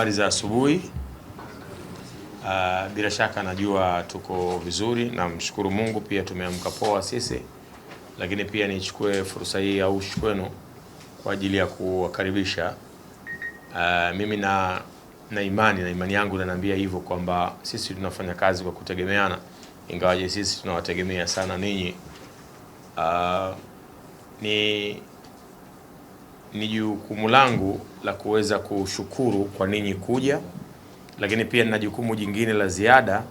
Habari za asubuhi. Uh, bila shaka najua tuko vizuri, namshukuru Mungu, pia tumeamka poa sisi, lakini pia nichukue fursa hii au kwenu kwa ajili ya kuwakaribisha. Uh, mimi na na imani na imani yangu inaniambia hivyo kwamba sisi tunafanya kazi kwa kutegemeana, ingawaje sisi tunawategemea sana ninyi. Uh, ni ni jukumu langu la kuweza kushukuru kwa ninyi kuja, lakini pia nina jukumu jingine la ziada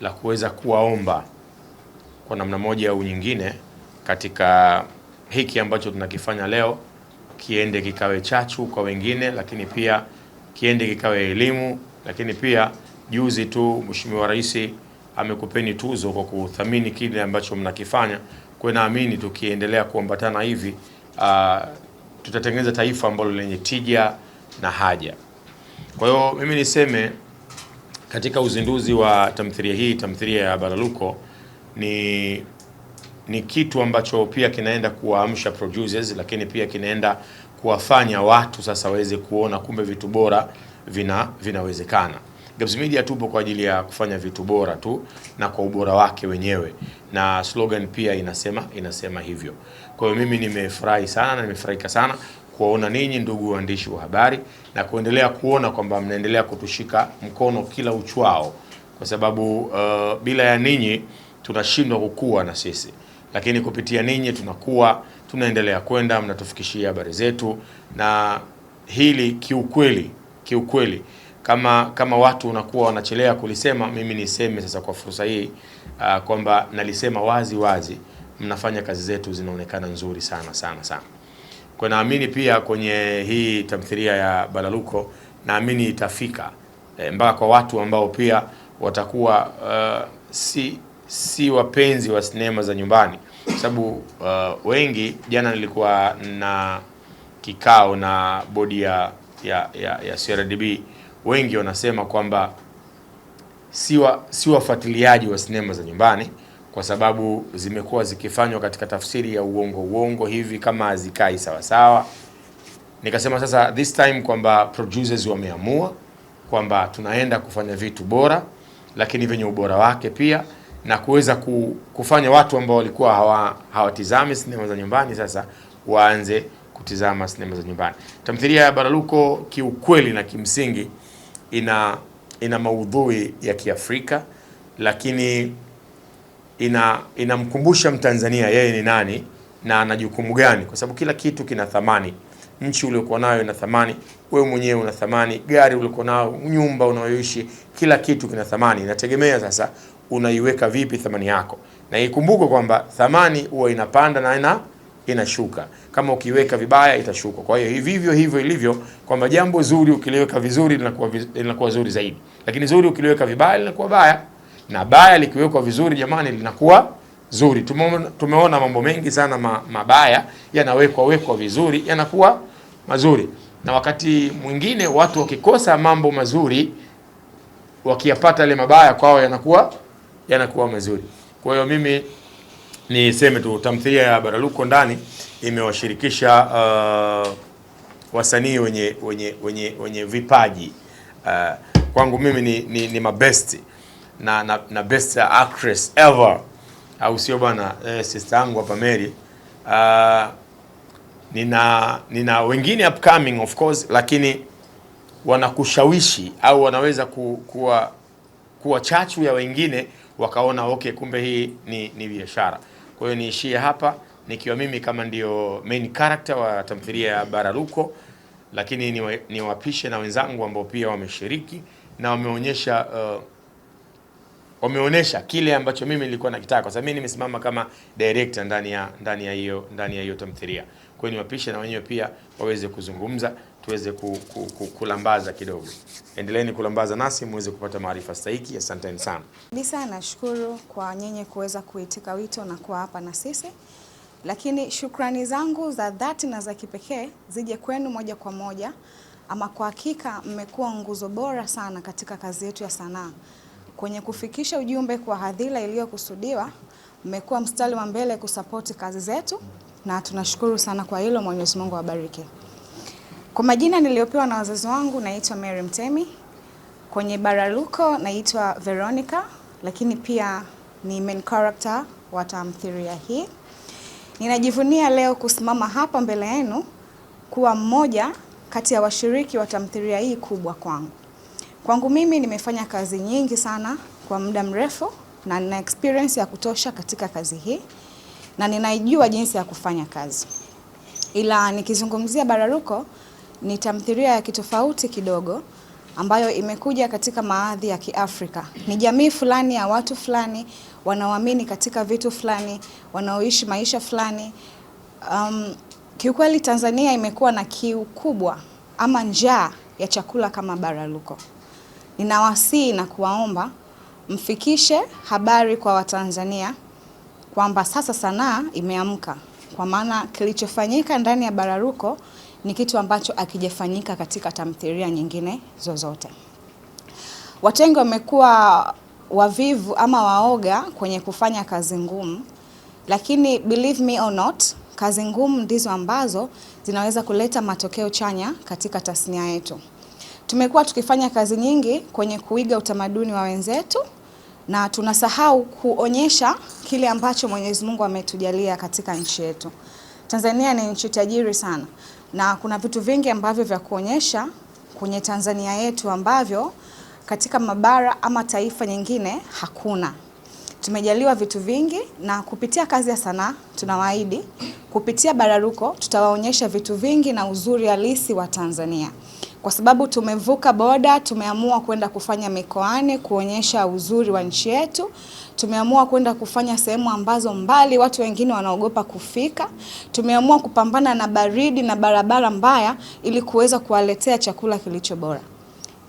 la kuweza kuwaomba kwa namna moja au nyingine katika hiki ambacho tunakifanya leo kiende kikawe chachu kwa wengine, lakini pia kiende kikawe elimu. Lakini pia juzi tu Mheshimiwa Rais amekupeni tuzo kwa kuthamini kile ambacho mnakifanya, kwa naamini tukiendelea kuambatana hivi uh, tutatengeneza taifa ambalo lenye tija na haja. Kwa hiyo mimi niseme katika uzinduzi wa tamthilia hii, tamthilia ya Baraluko ni ni kitu ambacho pia kinaenda kuwaamsha producers, lakini pia kinaenda kuwafanya watu sasa waweze kuona kumbe vitu bora vina vinawezekana. Gabs Media tupo kwa ajili ya kufanya vitu bora tu na kwa ubora wake wenyewe, na slogan pia inasema inasema hivyo. Kwa hiyo mimi nimefurahi sana na nimefurahika sana kuwaona ninyi ndugu waandishi wa habari na kuendelea kuona kwamba mnaendelea kutushika mkono kila uchwao, kwa sababu uh, bila ya ninyi tunashindwa kukua na sisi, lakini kupitia ninyi tunakuwa, tunaendelea kwenda, mnatufikishia habari zetu, na hili kiukweli, kiukweli kama kama watu unakuwa wanachelea kulisema, mimi niseme sasa kwa fursa hii uh, kwamba nalisema wazi wazi mnafanya kazi zetu zinaonekana nzuri sana sana sana. Kwa naamini pia kwenye hii tamthilia ya Balaluko naamini itafika e, mpaka kwa watu ambao pia watakuwa uh, si si wapenzi wa sinema za nyumbani, sababu uh, wengi. Jana nilikuwa na kikao na bodi ya, ya, ya, ya CRDB, wengi wanasema kwamba si wafuatiliaji wa sinema za nyumbani kwa sababu zimekuwa zikifanywa katika tafsiri ya uongo uongo hivi kama hazikai sawa sawa. Nikasema sasa this time kwamba producers wameamua kwamba tunaenda kufanya vitu bora, lakini vyenye ubora wake pia na kuweza kufanya watu ambao walikuwa hawa hawatizami sinema za nyumbani sasa waanze kutizama sinema za nyumbani. Tamthilia ya Baraluko kiukweli na kimsingi ina ina maudhui ya Kiafrika lakini ina inamkumbusha Mtanzania yeye ni nani na ana jukumu gani, kwa sababu kila kitu kina thamani. Nchi uliokuwa nayo ina thamani, wewe mwenyewe una thamani, gari uliokuwa nayo, nyumba unayoishi, kila kitu kina thamani. Inategemea sasa unaiweka vipi thamani yako, na ikumbuke kwamba thamani huwa inapanda na ina inashuka kama ukiweka vibaya itashuka. Kwa hiyo vivyo hivyo ilivyo kwamba jambo zuri ukiliweka vizuri linakuwa linakuwa zuri zaidi, lakini zuri ukiliweka vibaya linakuwa baya na baya likiwekwa vizuri, jamani, linakuwa zuri. Tumeona mambo mengi sana ma, mabaya yanawekwa wekwa vizuri yanakuwa mazuri, na wakati mwingine watu wakikosa mambo mazuri wakiyapata yale mabaya kwao yanakuwa yanakuwa mazuri. Kwa hiyo mimi niseme tu tamthilia ya Baraluko ndani imewashirikisha uh, wasanii wenye, wenye, wenye, wenye vipaji uh, kwangu mimi ni, ni, ni mabesti na, na, na best actress ever, au sio bwana eh, sister yangu hapa Mary. Uh, nina nina wengine upcoming of course, lakini wanakushawishi au wanaweza ku, kuwa, kuwa chachu ya wengine wakaona okay, kumbe hii ni, ni biashara. Kwa hiyo niishie hapa nikiwa mimi kama ndio main character wa tamthilia ya Baraluko, lakini niwapishe wa, ni na wenzangu ambao pia wameshiriki na wameonyesha uh, wameonyesha kile ambacho mimi nilikuwa nakitaka, kwa sababu mimi nimesimama kama director ndani ya ndani ya hiyo ndani ya hiyo tamthilia. Kwa hiyo niwapishe na wenyewe pia waweze kuzungumza, tuweze ku, ku, ku, kulambaza kidogo. Endeleeni kulambaza nasi muweze kupata maarifa stahiki. Asanteni sana. Lisa, nashukuru kwa nyenye kuweza kuitika wito na kuwa hapa na sisi, lakini shukrani zangu za dhati na za kipekee zije kwenu moja kwa moja. Ama kwa hakika mmekuwa nguzo bora sana katika kazi yetu ya sanaa. Kwenye kufikisha ujumbe kwa hadhira iliyokusudiwa, mmekuwa mstari wa mbele kusapoti kazi zetu na tunashukuru sana kwa hilo. Mwenyezi Mungu awabariki. Kwa majina niliyopewa na wazazi wangu, naitwa Mary Mtemi. Kwenye Baraluko naitwa Veronica, lakini pia ni main character wa tamthilia hii. Ninajivunia leo kusimama hapa mbele yenu kuwa mmoja kati ya washiriki wa tamthilia hii kubwa kwangu. Kwangu mimi nimefanya kazi nyingi sana kwa muda mrefu na nina experience ya kutosha katika kazi hii na ninaijua jinsi ya kufanya kazi, ila nikizungumzia bararuko ni tamthilia ya kitofauti kidogo ambayo imekuja katika maadhi ya Kiafrika. Ni jamii fulani ya watu fulani wanaoamini katika vitu fulani, wanaoishi maisha fulani. Um, kiukweli Tanzania imekuwa na kiu kubwa ama njaa ya chakula kama bararuko ninawasihi na kuwaomba mfikishe habari kwa Watanzania kwamba sasa sanaa imeamka, kwa maana kilichofanyika ndani ya Bararuko ni kitu ambacho akijafanyika katika tamthilia nyingine zozote. Watengi wamekuwa wavivu ama waoga kwenye kufanya kazi ngumu, lakini believe me or not, kazi ngumu ndizo ambazo zinaweza kuleta matokeo chanya katika tasnia yetu. Tumekuwa tukifanya kazi nyingi kwenye kuiga utamaduni wa wenzetu na tunasahau kuonyesha kile ambacho Mwenyezi Mungu ametujalia katika nchi yetu. Tanzania ni nchi tajiri sana na kuna vitu vingi ambavyo vya kuonyesha kwenye Tanzania yetu ambavyo katika mabara ama taifa nyingine hakuna. Tumejaliwa vitu vingi na kupitia kazi ya sanaa tunawaahidi kupitia Bararuko tutawaonyesha vitu vingi na uzuri halisi wa Tanzania kwa sababu tumevuka boda, tumeamua kwenda kufanya mikoani kuonyesha uzuri wa nchi yetu. Tumeamua kwenda kufanya sehemu ambazo mbali watu wengine wanaogopa kufika. Tumeamua kupambana na baridi na barabara mbaya ili kuweza kuwaletea chakula kilicho bora.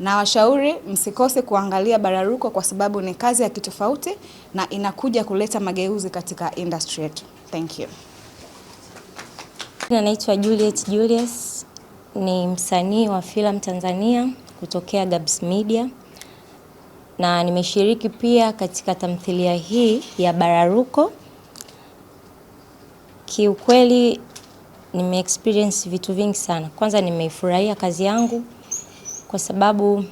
Na washauri msikose kuangalia Bararuko kwa sababu ni kazi ya kitofauti na inakuja kuleta mageuzi katika industry yetu. Thank you. Naitwa Juliet Julius ni msanii wa filamu Tanzania kutokea Gabs Media na nimeshiriki pia katika tamthilia hii ya Bararuko. Kiukweli nime experience vitu vingi sana. Kwanza nimeifurahia kazi yangu kwa sababu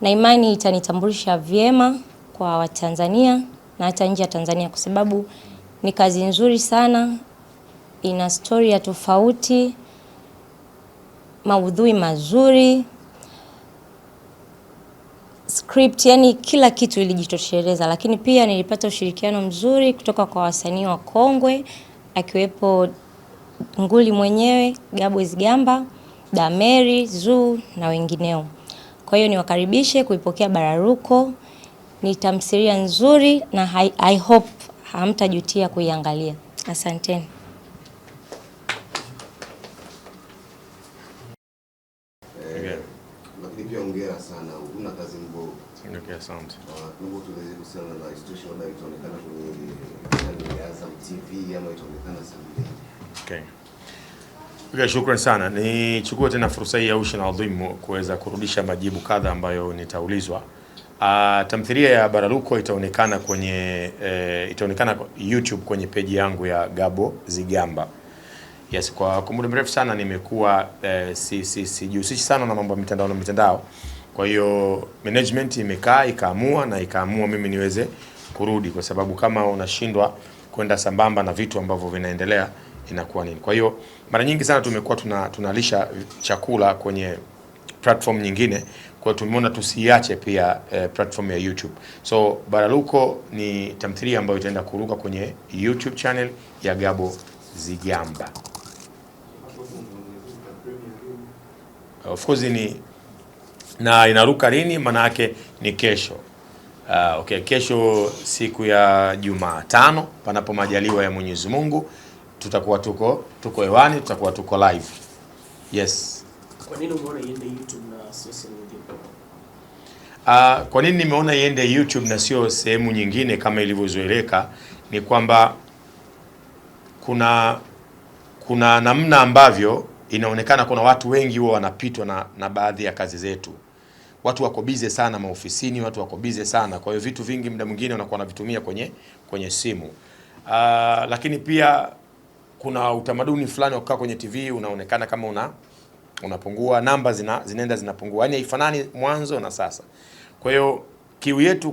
na imani itanitambulisha vyema kwa Watanzania na hata nje ya Tanzania kwa sababu ni kazi nzuri sana, ina story ya tofauti maudhui mazuri, script, yani kila kitu ilijitosheleza. Lakini pia nilipata ushirikiano mzuri kutoka kwa wasanii wa kongwe akiwepo nguli mwenyewe Gabo Gamba, Dameri, Zuu na wengineo. Kwa hiyo niwakaribishe kuipokea Bararuko, ni tamthilia nzuri na I, I hope hamtajutia kuiangalia. Asanteni. mahusiano na institution ambayo itaonekana kwenye Azam TV ama itaonekana Okay. Okay, shukrani sana. Nichukue tena fursa hii ya ushi na adhimu kuweza kurudisha majibu kadha ambayo nitaulizwa. Uh, tamthilia ya Baraluko itaonekana kwenye eh, itaonekana YouTube kwenye peji yangu ya Gabo Zigamba. Yes, kwa muda mrefu sana nimekuwa eh, si, si, sijihusishi sana na mambo ya mitandao na mitandao kwa hiyo management imekaa ikaamua na ikaamua mimi niweze kurudi, kwa sababu kama unashindwa kwenda sambamba na vitu ambavyo vinaendelea inakuwa nini? Kwa hiyo mara nyingi sana tumekuwa tuna, tunalisha chakula kwenye platform nyingine, kwa hiyo tumeona tusiache pia eh, platform ya YouTube. So Baraluko ni tamthilia ambayo itaenda kuruka kwenye YouTube channel ya Gabo Zigamba. Of course ni na inaruka lini? Maana yake ni kesho. Uh, okay, kesho siku ya Jumatano, panapo majaliwa ya Mwenyezi Mungu, tutakuwa tuko tuko hewani, tutakuwa tuko live. Yes. Kwa nini umeona iende YouTube na sio sehemu nyingine? Uh, kwa nini nimeona iende YouTube na sio sehemu nyingine kama ilivyozoeleka ni kwamba kuna kuna namna ambavyo inaonekana kuna watu wengi huwa wanapitwa na, na baadhi ya kazi zetu watu wako bize sana maofisini, watu wako bize sana, kwa hiyo vitu vingi muda mwingine wanakuwa wanavitumia kwenye kwenye simu. Uh, lakini pia kuna utamaduni fulani wa kukaa kwenye TV unaonekana kama una unapungua, namba zina, zinaenda zinapungua, yaani haifanani mwanzo na sasa. Kwa hiyo kiu yetu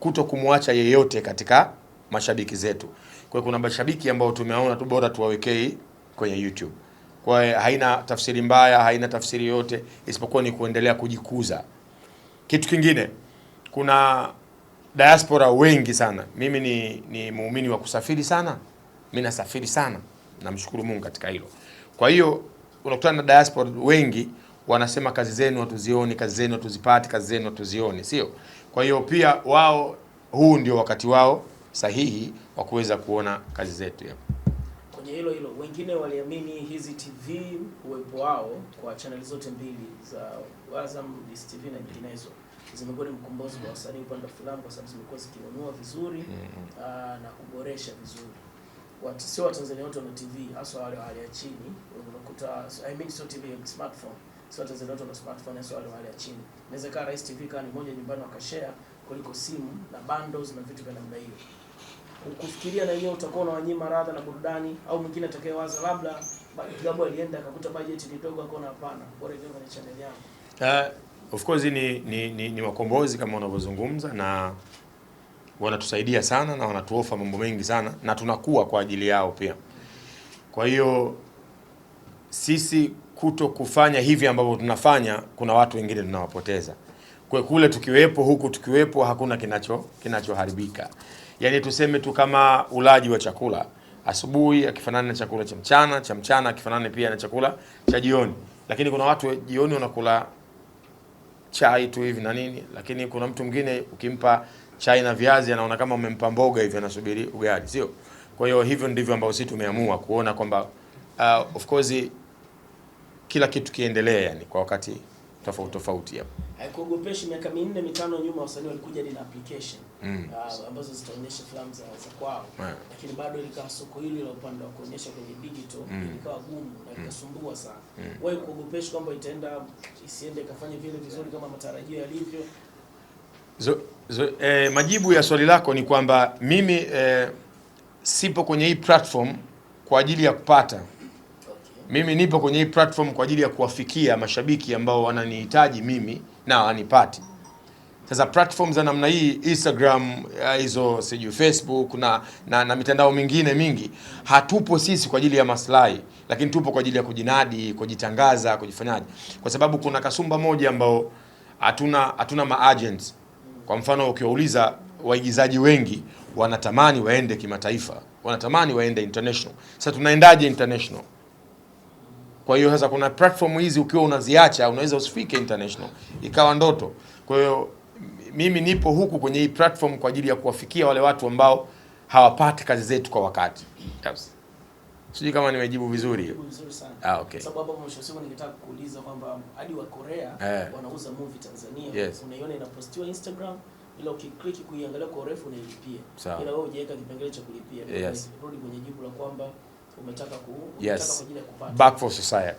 kuto kumwacha yeyote katika mashabiki zetu. Kwa hiyo kuna mashabiki ambao tumeona tu bora tuwawekei kwenye YouTube. Kwa haina tafsiri mbaya, haina tafsiri yote isipokuwa ni kuendelea kujikuza. Kitu kingine, kuna diaspora wengi sana. Mimi ni, ni muumini wa kusafiri sana, mimi nasafiri sana, namshukuru Mungu katika hilo. Kwa hiyo unakutana na diaspora wengi wanasema kazi zenu hatuzioni, kazi zenu hatuzipati, kazi zenu hatuzioni, sio? Kwa hiyo pia wao, huu ndio wakati wao sahihi wa kuweza kuona kazi zetu yep kwenye hilo hilo, wengine waliamini hizi TV uwepo wao kwa chaneli zote mbili za Azam, Dis TV na nyinginezo zimekuwa ni mkombozi kwa wasanii upande wa filamu, kwa sababu zimekuwa zikinunua vizuri mm-hmm. aa, ah, na kuboresha vizuri. Watu sio Watanzania wote wana TV, hasa wale wa hali ya chini. Unakuta I mean sio TV ya smartphone, sio Watanzania wote wana smartphone, hasa wale wa hali ya chini. Inaweza kaa Rais TV kaa ni moja nyumbani wakashare kuliko simu na bundles na vitu vya namna hiyo kufikiria na yeye utakuwa unawanyima radha na burudani, au mwingine atakayewaza labda Gabo alienda akakuta budget ni ndogo, akaona hapana, bora hiyo ni channel yangu. Uh, of course ni ni, ni, ni wakombozi kama unavyozungumza, na wanatusaidia sana na wanatuofa mambo mengi sana, na tunakuwa kwa ajili yao pia. Kwa hiyo sisi kuto kufanya hivi ambavyo tunafanya, kuna watu wengine tunawapoteza. Kwa kule tukiwepo, huku tukiwepo, hakuna kinacho kinachoharibika yani tuseme tu kama ulaji wa chakula asubuhi akifanana na chakula cha mchana, cha mchana akifanana pia na chakula cha jioni. Lakini kuna watu jioni wanakula chai tu hivi na nini, lakini kuna mtu mwingine ukimpa chai na viazi anaona kama umempa mboga hivi, anasubiri ugali, sio? Kwa hiyo hivyo ndivyo ambavyo sisi tumeamua kuona kwamba uh, of course kila kitu kiendelee yani kwa wakati tofauti tofauti hapo. Haikuogopeshi, miaka minne mitano nyuma wasanii walikuja na application mm. uh, ambazo zitaonyesha filamu za, za kwao yeah. Lakini bado ilikaa soko hili la upande wa kuonyesha kwenye digital mm. likawa gumu na likasumbua mm. sana mm. Wewe kuogopeshi kwamba itaenda isiende ikafanye vile vizuri kama matarajio yalivyo? zo, zo, eh, majibu ya swali lako ni kwamba mimi eh, sipo kwenye hii platform kwa ajili ya kupata mimi nipo kwenye hii platform kwa ajili ya kuwafikia mashabiki ambao wananihitaji mimi na wanipati. Sasa platform za namna hii Instagram, eh, hizo sijui Facebook na, na, na mitandao mingine mingi, hatupo sisi kwa ajili ya maslahi, lakini tupo kwa ajili ya kujinadi, kujitangaza, kujifanyaje, kwa sababu kuna kasumba moja ambao hatuna hatuna maagents. Kwa mfano ukiwauliza waigizaji wengi wanatamani waende kimataifa, wanatamani waende international. Sasa tunaendaje international? Kwa hiyo sasa kuna platform hizi ukiwa unaziacha unaweza usifike international, ikawa ndoto. Kwa hiyo mimi nipo huku kwenye hii platform kwa ajili ya kuwafikia wale watu ambao hawapati kazi zetu kwa wakati. Yes. Sijui kama nimejibu vizuri. Vizuri sana. Ah, okay. Sababu hapo mwisho siku ningetaka kuuliza kwamba hadi wa Korea eh, wanauza movie Tanzania. Yes. Unaiona inapostiwa Instagram ila ukiklik kuiangalia kwa urefu unailipia. Ila wewe hujaweka kipengele cha kulipia. Yes. Rudi kwenye jibu la kwamba umetaka ku, yes. back for society